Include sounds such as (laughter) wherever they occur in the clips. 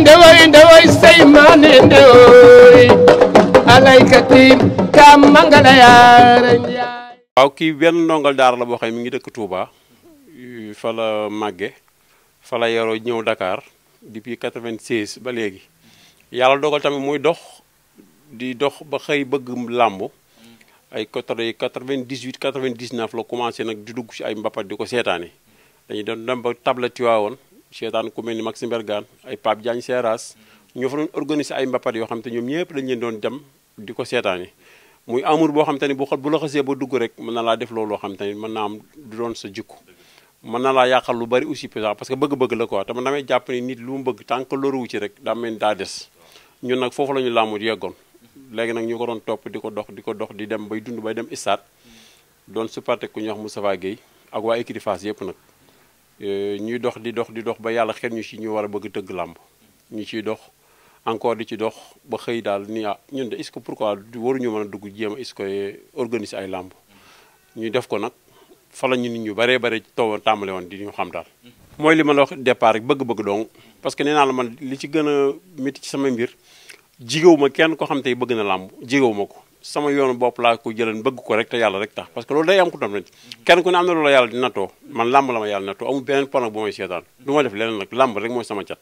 ndeway ndeway ndeway sey mane ndewoy alay katim kam mangala ya njaay waaw ki benn ndongal dar la bo xey mi ngi dekk Touba fa la magge fa la yoro ñew Dakar depuis 96 ba legi yalla dogal tamit muy dox di dox ba xey bëgg lamb ay quatre quatre vingt dix la commencé nak di dugg ci ay mbapat diko ko dañu don doon dem ba table Tiwaawoon seetaan ku mel ni Maxime Bergane ay Pape Diagne Seras ñoo fa doon organiser ay mbapat yoo xam te ñoom ñëpp dañ leen doon dem di ko seetaani muy amour boo xam te ni bu xol bu la xasee ba dugg rek mën na laa def loolu loo xam te ni mën naa am du doon sa jikko mën na laa yàqal lu bari aussi parce que bëgg-bëgg la quoi te man damay jàpp ni nit lu mu bëgg tant que wu ci rek daa mel daa des ñun nag foofu la ñu laamu yeggoon léegi nag ñu ko doon topp di ko dox di ko dox di dem bay dund bay dem istaat doon supporté ku ñuy wax Moustapha Gueye ak waa de Fass yëpp nag Euh, ñuy dox di dox di dox ba yàlla xel ñu ci ñu war a bëgg tëgg làmb ñu ciy dox encore di ci dox ba xëy daal ni ah ñun de est-ce que pourquoi waruñu mën a dugg jéem a est-ce euh, ay làmb ñu def ko nag fa ñu nit ñu baree bare taw tàmbale woon di ñu xam daal. mooy li ma la wax départ rek bëgg-bëgg dong parce que nee naa la man li ci gën a ci sama mbir jigéewu ma kenn ko xam tey bëgg na làmb jigéewu ko. sama yoonu bopp laa ko jëlan bëgg ko rek te yàlla rek tax parce que loolu day am ku tam rek kenn ku ne am na loolu yàlla di nattoo man làmb la ma yàlla nattoo amul beneen ponk bu may ma def leneen nag làmb rek mooy sama cat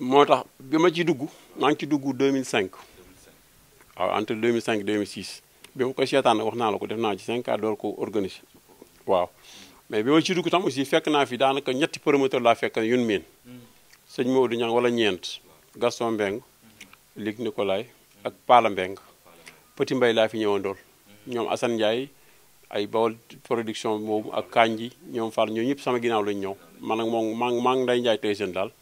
moo tax bi ma ci dugg maa ngi ci dugg 2005 waaw entre 2005 2006 bi ma koy seetaan wax naa la ko def naa ci 5 ans door ko organiser waaw mais bi ma ci dugg tam aussi fekk naa fi daanaka ñetti promoteur laa fekk yun meen sëñ Maodo Niang wala ñeent Gaston Mbengue Luc Nicolaï ak Pala Mbengue Petit Mbay laa fi ñëwandool ñoom Assane Ndiaye ay Bawol production boobu ak Kanji ñoom Fall ñoo ñëpp sama ginnaaw lañ ñëw man ak moom maa maa ngi Nday Ndiaye tey seen daal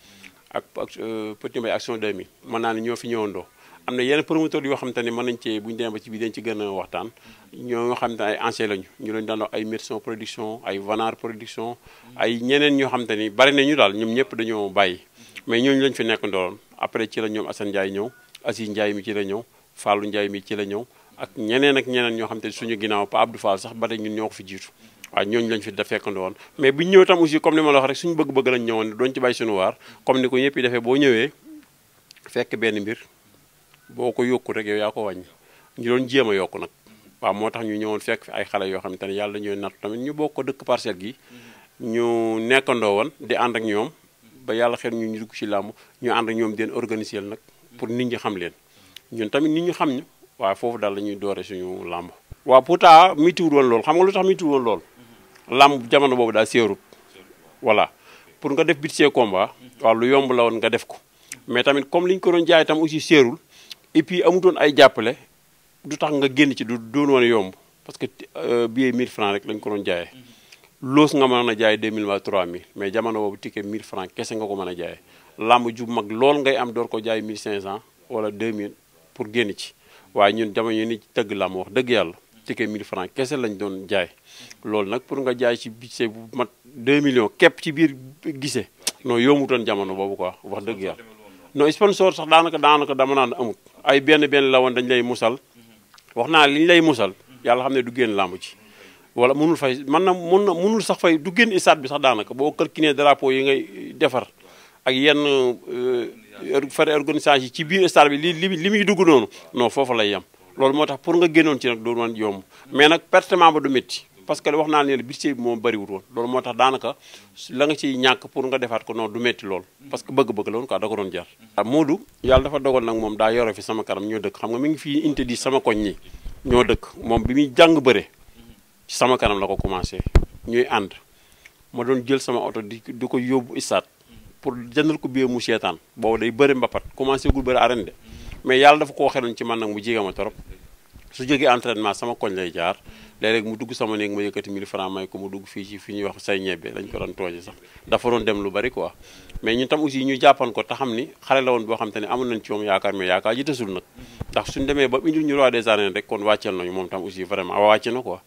ak euh, Petit Mbay action 2000 mën naa ne ñoo fi ñëwandoo am na yenn promoteur yoo xam te ne mën nañ cee buñ ñu demee ba ci biir dañ ci gën a waxtaan ñoo xam te ne ay ancien lañu ñu leen daan ay Merson production ay Vanar production ay ñeneen ñoo xam ni bari nañu daal ñoom ñëpp dañoo bàyyi mais ñooñu lañ fi nekk ndooloon après ci la ñoom Assane ñëw Asi Ndiaye mi ci la ñëw Fallou Ndiaye mi ci la ñëw ak ñeneen ak ñeneen ñoo xam te suñu ginnaaw Pa Abdou Fall sax ba tey ñun ñoo fi jiitu wa ñooñu lañ fi da fekkandoo woon mais bu ñu ñëw tam aussi comme ni ma la wax rek suñu bëgg-bëgg lañ ñëwoon doon ci bàyyi suñu waar comme ni ko ñëpp yi defee boo ñëwee fekk benn mbir boo ko yokku rek yow yaa ko wàññi ñu doon jéem a yokku nag waaw moo tax ñu ñëwoon fekk fi ay xale yoo xam te ne yàlla ñooy nattu tamit ñu bokk dëkk parcelle gi ñu nekkandoo woon di ànd ak ñoom ba yàlla xel ñu ñu dugg ci làmb ñu ànd ak ñoom den organiser nag pour nit ñi xam leen ñun tamit nit ñu xam ñu waaye foofu daal la ñuy doore suñu làmb waaw pourtant mitiwul woon lool xam nga lu tax mitiwul woon lool làmb jamono boobu daal séerut voilà pour nga def budget combat waaw lu yomb la woon nga def ko mais tamit comme li ñu ko doon jaay tam aussi séerul et puis amutoon ay du tax nga génn ci du doon yomb parce que euh, billet 1000 francs rek lañ ko doon jaayee loos nga mën a jaay 2000 wala 3000 mais jamono boobu ticket 1000 francs kese nga ko mën a jaayee làmb ju mag lool ngay am door ko jaay 1500 wala 2000 pour génn ci waaye ñun jamono yi ni tëgg làmb wax dëgg yàlla ticket 1000 francs kese lañ doon jaay loolu nag pour nga jaay ci budget bu mat 2 millions képp ci biir gisee non yoomutoon jamono boobu quoi wax dëgg yàlla non sponsor sax daanaka daanaka dama naan amut ay benn benn la woon dañ lay musal wax naa li lay musal yàlla xam ne du génn làmb ci wala mënul fay mën na mën na mënul sax fay du génn stade bi sax daanaka boo calculé drapeau yi ngay defar ak yenn euh, faire organisation ci biir stade bi li li dugg noonu non fofu lay yam loolu motax pour nga génnoon ci nak do won yom mais nak pertement ba du metti parce que wax naa ne budget ci mo bari wut won moo motax danaka la nga ci ñak pour nga defaat ko non du metti lool parce que bëgg-bëgg la woon quoi da ko don jar ah, Modou yalla dafa dogal nak mom da yoro fi sama karam ñoo dëkk xam nga mi ngi fii interdit sama koñ ñi ñoo dëkk mom bi mi jang bëre ci sama karam la ko commencé ñuy and ma don jël sama auto di di ko yóbbu isaat pour jëndal ko biir mu seetaan boobu day ba mbapat commencé gul bëri arène de mais yàlla dafa ko xeloon ci man nag mu jege ma trop su jógee entraînement sama koñ lay jaar léeg-léeg mu dugg sama néeg ma yëkkati 1000 francs may ko mu dugg fii ci fi ñu wax say ñebbe dañ ko doon tooje sax dafa doon dem lu bari quoi mais ñun tam aussi ñu jàppan ko te xam ni xale la woon boo xam te ne amoon nañ ci moom yaakaar mais yaakaar ji desul nag ndax suñ demee ba kon wàcceel nañu moom tam aussi vraiment wàcc na quoi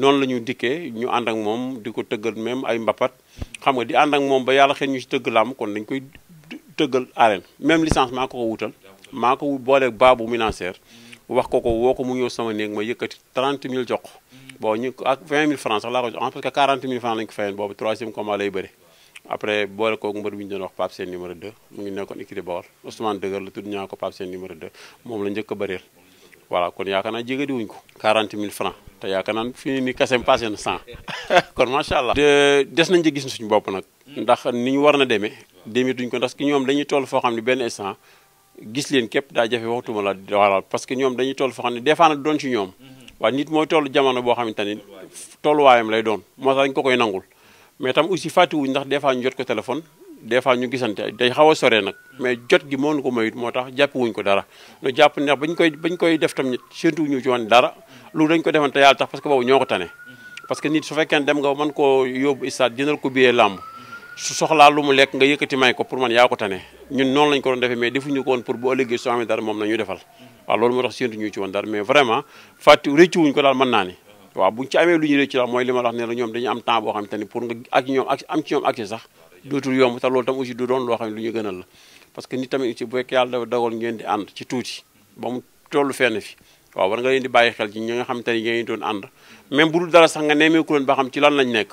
noonu la ñu dikkee ñu ànd ak moom di ko tëggal même ay mbapat xam nga di ànd ak moom ba yàlla xëy ñu ci tëgg làmb kon dañ koy tëggal arène même licence maa ko ko wutal maa ko booleeg baabu financière wax ko ko woo ko mu ñëw sama néeg ma yëkkati 30 000 jox ko ñu ak 20 000 francs sax ko jox parce que 40 000 lay bëre après boole koog mbër bi ñu doon wax Pape Sène numéro 2 mu ngi nekkoon écurie Bawol Ousmane Dëgër la tudd ñaa ko Pape a bëreel voilà kon yaakaar naa jéggi diwuñ ko. 40 000 francs te yaakaar naa fi ni kasem passé na 100 (laughs) kon macha allah. des nañ ci gis suñu bopp nag. ndax ni ñu war na demee. demee duñ ko ndax ki ñoom dañuy toll foo xam ne benn instant gis leen képp daa jafe waxtuma la voilà parce que ñoom dañuy toll foo xam ne des fois nag doon ci ñoom. waaye nit mooy toll jamono boo xamante ni tolluwaayam lay doon moo tax dañ ko koy nangul mais tam aussi fàttiwuñ ndax des fois ñu jot ko téléphone. des fois ñu gisante day xaw a sore nag mais jot gi moonu ko mayut moo tax jàpp wuñ ko dara no jàpp ne bañ koy bañ koy def tam surtout ñu ci woon dara lu dañ ko defoon te parce que boobu ñoo ko tane parce que nit su fekkee nga mën koo yóbbu stade jëndal ko billet làmb su soxlaa lu mu lekk nga ko pour man yaa ko tane ñun noonu lañ ko doon mais defuñu ko woon pour bu ëllëgee soo amee dara moom la ñu defal waaw ci mais vraiment fàtte rëccu wuñ ko daal mën naa ni waaw buñ amee lu ñu rëccu daal mooy li ma ñoom dañu am temps boo xam te pour nga ak ñoom ak am ci ñoom accès sax dootul yomb te loolu tam aussi du doon loo xam lu ñu la parce que nit tamit aussi bu fekk yàlla dafa dogal ngeen di ànd ci tuuti ba mu tollu fenn fi waaw war nga leen di bàyyi xel ci ñi nga xam te ne ngeen doon ànd même bu dul dara sax nga ba xam ci lan lañ nekk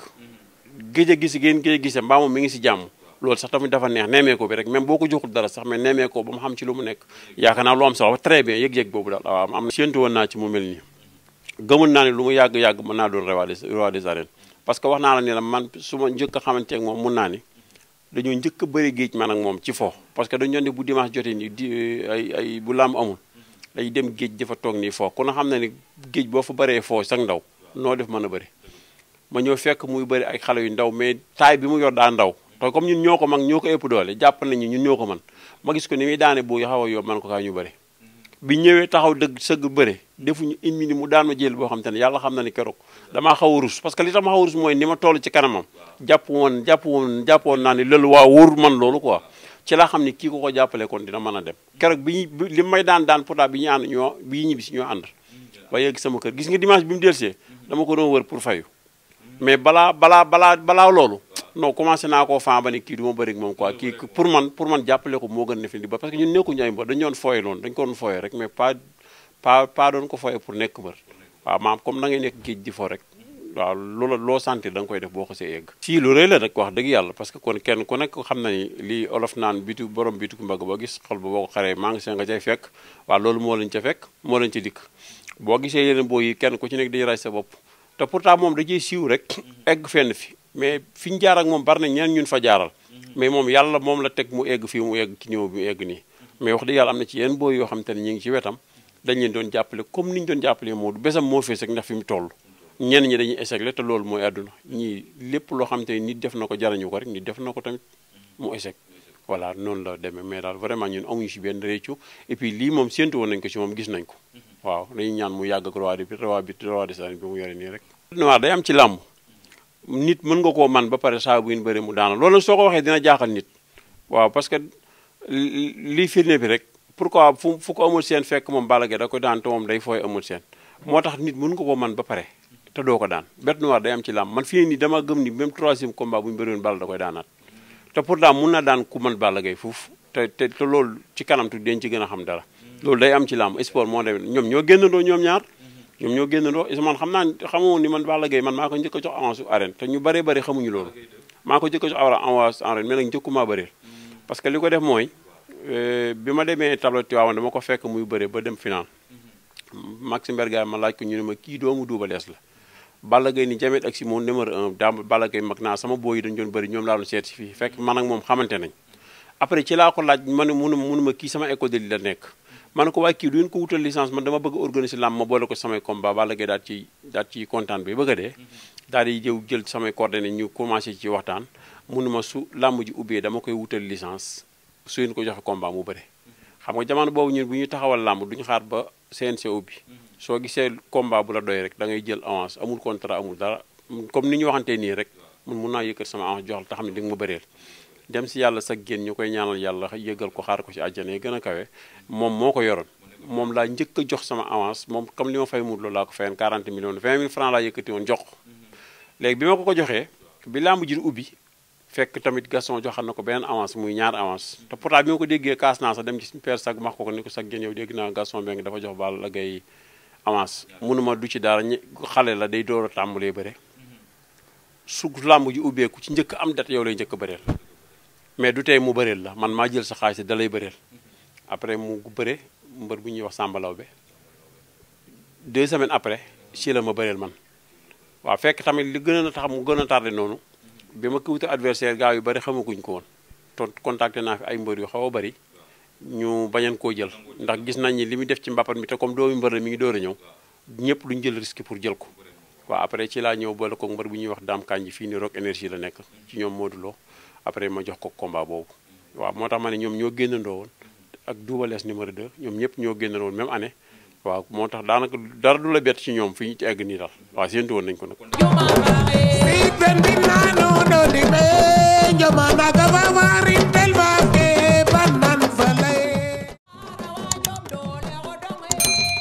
géej a gis ngeen géej a gise mi ngi si jàmm loolu sax tamit dafa neex nemmeeku bi rek même boo ko joxul dara sax mais ba mu xam ci lu mu nekk yaakaar naa lu am solo très bien yëg-yëg na séentu woon naa naa ne lu mu yàgg-yàgg mën naa doon roi des arènes parce que wax naa la ne ma njëkk a xamante ak moom mun naa ni dañoo njëkk a bëri géej man moom ci fo parce que dañu doon bu dimanche jotee ni di eh, ay bu laam amul day dem géej dafa toog nii foo ku na xam ne ni géej boo fa baree foo sax ndaw noo def mën a bëri ma ñëw fekk muy bëri ay xale yu ndaw mais taay bi mu yor daa ndaw te comme ñun ñoo ko mag ñoo ko ëpp doole jàpp nañu ñun ñoo ko man ma gis ko ni muy daane bu xaw a yow man ko kaa ñu bëri bi ñëwee taxaw dëgg sëgg bëri defuñu une minute mu daanu jël boo xam te ne yàlla xam na ne keroog damaa xaw rus parce que li tax ma xaw rus mooy ni ma toll ci kanamam jàpp woon jàpp woon jàppoon naa ne loolu waa wóor man loolu quoi ci laa xam ne kii ko ko jàppale kon a dem keroog bi ñu bi ñu dimanche bi mu delsee dama ko doo wër pour fayu mais balaa balaa balaa balaa loolu non commencé naa koo fan ba ne kii du ma bëri moom quoi kii pour man pour man jàppale ko moo gën ne fi di ba parce que ñun nekkuñu ay mbo dañu paa paa doon ko fooye pour nekk mbër waaw maam comme na ngay nekk géej di fo rek waaw loola loo sentir da koy def boo xasee egg si lu rëy la nag wax dëgg yàlla parce que kon kenn ku nekk xam na ni lii olof naan bitu borom bitu mbagg ba gis xol ba boo ko xaree maa ngi seen nga fekk loolu moo leen fekk moo leen ci dikk boo gisee yeneen boo yi kenn ku ci nekk dañu raaj sa bopp te pourtant moom da ciy siiw rek egg fenn fi mais fi ñu jaar ak moom bari na ñeen ñun fa jaaral mais moom yàlla moom la teg mu egg fii mu egg ci niveau bi egg nii mais wax dëgg yàlla am na ci yenn boo yoo xam te ne ñu ngi ci wetam dañu doon jàppale comme niñ ñu doon jàppale Modou bésam moo fees ak ndax fi mu toll ñen ñi dañuy échec la te loolu mooy àdduna ñi lépp loo xam te nit def na ko jarañu ko rek nit def na ko tamit mu échec voilà noonu la demee mais daal vraiment ñun amuñu si benn réccu et puis lii moom séntu woon nañ ko si moom gis nañ ko waaw dañuy ñaan mu yàgg ak roi bi roi bi roi de arènes bi mu yore nii rek noir day am ci làmb nit mën nga koo man ba pare saa bu ñu bëri mu daana loolu soo ko waxee dina jaaxal nit waaw parce que li firnde bi rek pour fu fu ko amul seen fekk moom Balla Gaye da koy daan te moom day fooy amul seen moo tax nit mun nga koo man ba pare te doo ko daan bête noire day am ci làmb man fii nii dama gëm ni même troisième combat bu ñu bëriwoon Balla da koy na daan ku man Balla Gaye foofu te te te loolu ci a xam dara loolu day am ci làmb sport moo demee ñoom ñoo génnandoo ñoom ñaar ñoom ñoo génnandoo man xam naa xamoo ni man Balla Gaye man maa ko njëkk a jox avance arène te ñu bëree bëri xamuñu loolu maa ko njëkk a jox avance arène mais nag njëkkumaa bëreel parce que li ko def mooy Euh, bi ma demee tableau Tivaouane dama ko fekk muy bëre ba dem final mm-hmm. Maxime Bergaay ma laaj ko ñu ne ma kii doomu Double la Balla Gaye ni jamet ak Simon numéro 1 daa Balla Gaye naa sama booy yi dañu doon bëri ñoom laa doon si fekk man moom xamante nañ après ci laaj ma ne munu munu ma kii sama école de la nekk ma ne ko waaye kii du ngeen ko wutal licence man dama bëgg organiser làmb ma boole ko samay combat Balla Gaye daal daal ci kontaan bi a dee mm-hmm. daal di jëw jël samay coordonnées ñu commencé ci waxtaan munu su làmb ji ubbee dama koy wutal licence suñ ko joxe combat mu bëre xam nga jamono bobu ñun buñu taxawal lamb duñu xaar ba CNG bi mhm. so gisee combat bu la doy rek da ngay jël avance amul contrat amul dara comme niñu ñu ni rek mun mu na yëkkat sama avance joxal te xam ne di nga ma dem ci yalla sa génn ñukoy ñaanal yalla yëgal ko xaar ko ci aljana gëna kawé mom moko yoron mom la ñëkk jox sama avance mom comme li fay mudlo la ko fayen 40 millions 20000 francs la yëkkati won jox mhm. légui bima ko ko joxé bi lamb ji ubi fekk tamit gasson joxal nako benen avance muy ñaar avance te pourtant bi ma ko déggee kaas na sa dem ci père sag max ko ni ko sag jën yow dégg naa Gaston Mbengue dafa jox la gay avance munuma du ci dara xalé la day door a tàmbalee su làmb ji ku ci ñëk am dat yow lay ñëk bérél mais du tay mu bérél la man ma jël sa xaalis dalay bérél après mu béré mbeur bu ñuy wax sambalaw be deux semaines après ci la ma bérél man wa fekk tamit li gëna a tax mu gëna tardé bi ma ko wuti adversaire gaaw yu bari xamaguñ ko woon ton contacté naa fi ay mbër yu xaw a bari ñu bañan koo jël ndax gis nañ ni li muy def ci mbappat mi te comme doomi mbër la mi ngi door a ñëw ñëpp duñ jël risque pour jël ko waaw après laa ñëw boole ko mbër bu ñuy wax daam kanji fii ni rock énergie la nekk ci ñoom Modou Lo après ma jox ko combat boobu waaw moo tax ma ne ñoom ñoo génnandoo woon ak Double Less numéro ñoom ñëpp ñoo génnandoo woon même année waaw moo tax daanaka dara du la bett ci ñoom fi ñu ci egg nii daal waaw séentu woon nañ ko nag Anu di meja mana kemarin